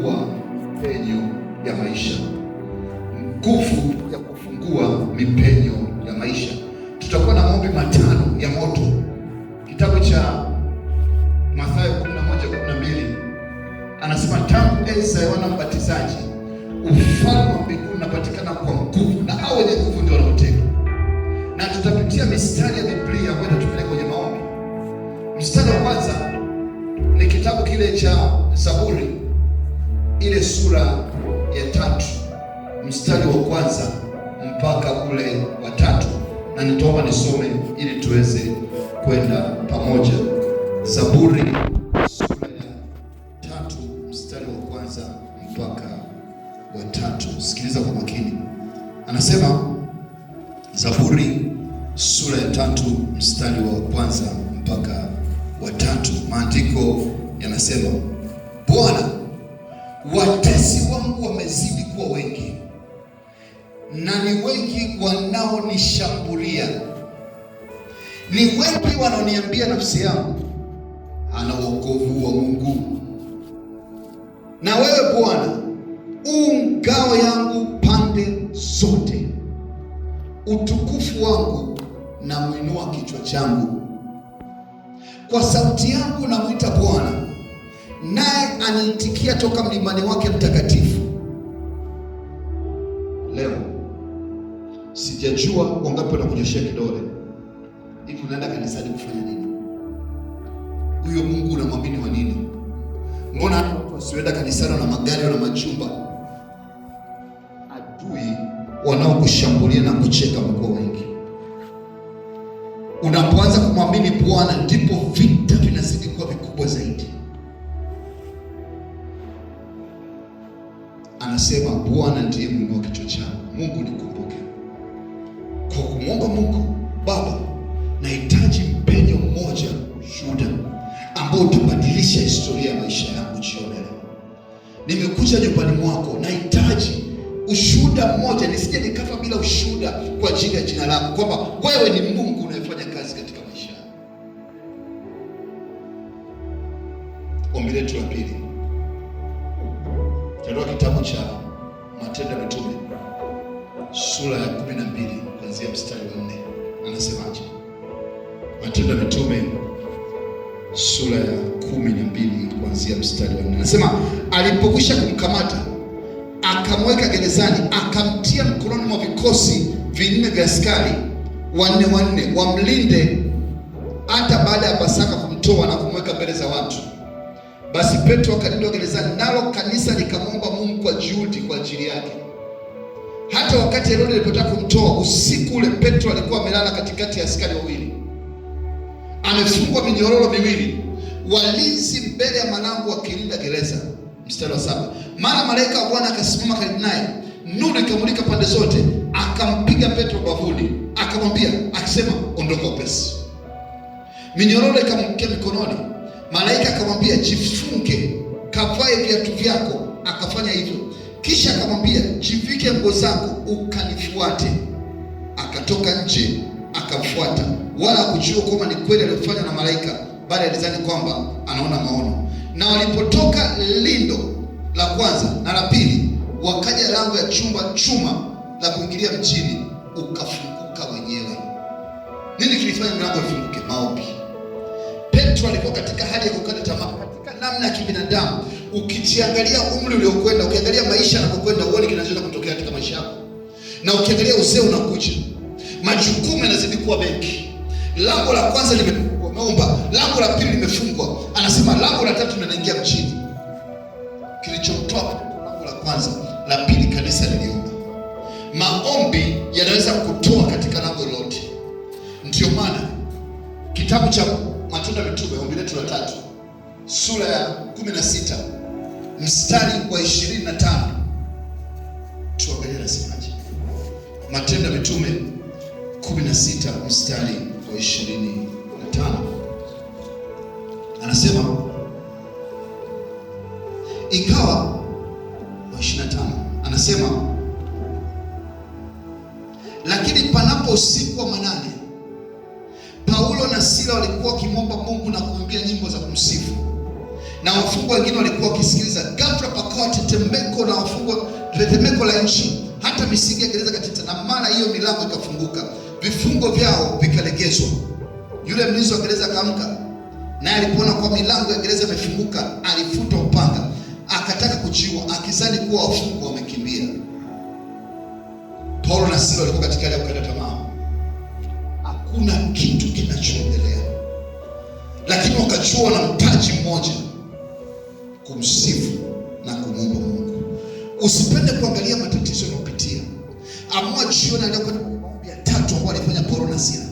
kufungua mipenyo ya maisha, nguvu ya kufungua mipenyo ya maisha. Tutakuwa na maombi matano ya moto. Kitabu cha Mathayo 11:12 anasema tangu enzi ya Yohana Mbatizaji ufalme wa mbinguni unapatikana kwa nguvu, na hao wenye nguvu ndio wanaotenda. Na tutapitia mistari ya Biblia kwenda tupeleke kwenye maombi. Mstari wa kwanza ni kitabu kile cha Zaburi ile sura ya tatu mstari wa kwanza mpaka ule wa tatu, na nitaomba nisome ili tuweze kwenda pamoja. Zaburi sura ya tatu mstari wa kwanza mpaka wa tatu. Sikiliza kwa makini, anasema Zaburi sura ya tatu mstari wa kwanza mpaka wa tatu, maandiko yanasema Bwana watesi wangu wamezidi kuwa wengi, na ni wengi wanaonishambulia, ni wengi wanaoniambia nafsi yangu ana wokovu wa Mungu. Na wewe Bwana, u ngao yangu pande zote, utukufu wangu na mwinua kichwa changu, kwa sauti yangu namwita Bwana naye aniitikia toka mlimani wake mtakatifu. Leo sijajua wangapi wanakunyeshea kidole hivi. Unaenda kanisani kufanya nini? Huyo Mungu unamwamini wa nini? Mbona watu kanisani na magari na majumba? Adui wanaokushambulia na kucheka mkoa wengi. Unapoanza kumwamini Bwana ndipo vita anasema Bwana ndiye mwinua kichwa changu, Mungu nikumbuke. Kwa kumwomba Mungu, Baba, nahitaji mpenyo mmoja, shuhuda ambao utabadilisha historia ya maisha yangu jioni Nimekuja nyumbani mwako, nahitaji ushuhuda mmoja, nisije nikafa bila ushuhuda kwa ajili ya jina lako, kwamba wewe ni Mungu unayefanya kazi katika maisha yangu. Ombi letu la pili, kitabu cha Vitendo vya Mitume sura ya kumi na mbili kuanzia mstari wa nne anasemaje? Matendo ya Mitume sura ya kumi na mbili kuanzia mstari wa nne anasema, alipokwisha kumkamata akamweka gerezani, akamtia mkononi mwa vikosi vinne vya askari wanne wanne, wamlinde hata baada ya Pasaka kumtoa na kumweka mbele za watu. Basi Petro akalindwa gerezani, nalo kanisa likamwomba Mungu kwa juhudi kwa ajili yake. Hata wakati Herode alipotaka kumtoa usiku ule, Petro alikuwa amelala katikati ya askari wawili, amefungwa minyororo miwili, walinzi mbele ya malango wakilinda gereza. Mstari wa saba, mara malaika wa Bwana akasimama karibu naye, nuru ikamulika pande zote, akampiga Petro bavuni, akamwambia akisema, ondoka upesi. Minyororo ikamwekea mikononi, malaika akamwambia, jifunge, kavae viatu vyako akafanya hivyo. Kisha akamwambia, jivike nguo zako ukanifuate. Akatoka nje akamfuata, wala hakujua kwamba ni kweli aliyofanya na malaika, bali alizani kwamba anaona maono. Na walipotoka lindo la kwanza na la pili, wakaja lango ya chumba chuma la kuingilia mjini, ukafunguka wenyewe. Nini kilifanya mlango ufunguke? Maombi. Petro alikuwa katika hali ya kukata tamaa, katika namna ya kibinadamu ukijiangalia umri uliokwenda, ukiangalia maisha yanakokwenda, uone kinachoweza kutokea katika maisha yako, na ukiangalia uzee unakuja, majukumu yanazidi kuwa mengi. Lango la kwanza limeomba, lango la pili limefungwa, anasema lango la tatu linaingia mchini. Kilichotoa lango la kwanza, la pili kanisa liliomba. Maombi yanaweza kutoa katika lango lolote. Ndio maana kitabu cha Matendo ya Mitume, ombi letu la tatu, sura ya kumi na sita mstari wa 25 tuangalie nasemaje. Matendo ya Mitume 16 mstari wa 25 anasema ikawa, wa 25 anasema lakini panapo usiku wa manane, Paulo na Sila walikuwa wakimwomba Mungu na kuimbia nyimbo za kumsifu na wafungwa wengine walikuwa wakisikiliza. Ghafla pakawa tetemeko na wafungwa, tetemeko la nchi, hata misingi ya gereza katita, na mara hiyo milango ikafunguka, vifungo vyao vikalegezwa. Yule mlinzi wa gereza akaamka, naye alipoona kwa milango ya gereza imefunguka, alifuta upanga akataka kujiua, akizani kuwa wafungwa wamekimbia. Paulo na Sila walikuwa katika hali ya kukata tamaa, hakuna kitu kinachoendelea, lakini wakajua na mtaji mmoja kumsifu na kumwomba Mungu. Usipende kuangalia matatizo unayopitia. Amua jioni leo kwenda maombi ya tatu ambayo alifanya Paulo na Sila,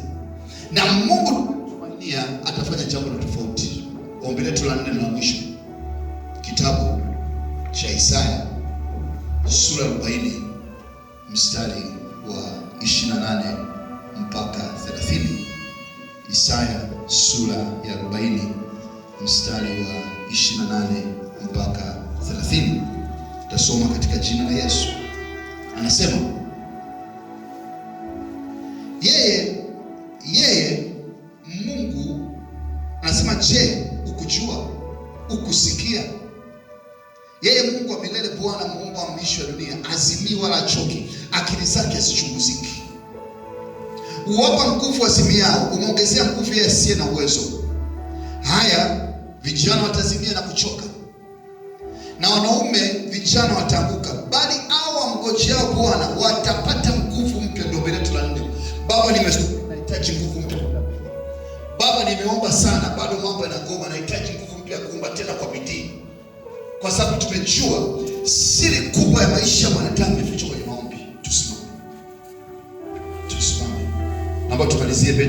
na Mungu tumainia atafanya jambo la tofauti. Ombi letu la nne na mwisho, kitabu cha Isaya sura 40 mstari wa 28 mpaka 30. Isaya sura ya 40 mstari wa 28 mpaka 30. Tasoma katika jina la Yesu. Anasema yeye yeye Mungu anasema, je, ukujua ukusikia? Yeye Mungu wa milele, Bwana muumba wa miisho ya dunia, azimi wala achoki, akili zake hazichunguziki. Uwapa nguvu wazimiao, umeongezea nguvu yeye asiye na uwezo. Haya, vijana watazimia na kuchoka vijana wataamka, bali hao wamngojeao Bwana watapata nguvu mpya. Ndio beletu la nne. Baba, nahitaji nguvu mpya. Baba, nimeomba sana, bado mambo yanagoma. Nahitaji nguvu mpya ya kuomba tena kwa bidii, kwa sababu tumejua siri kubwa ya maisha ya mwanadamu imefichwa kwenye maombi. Tusimame, tusimame, naomba tumalizie.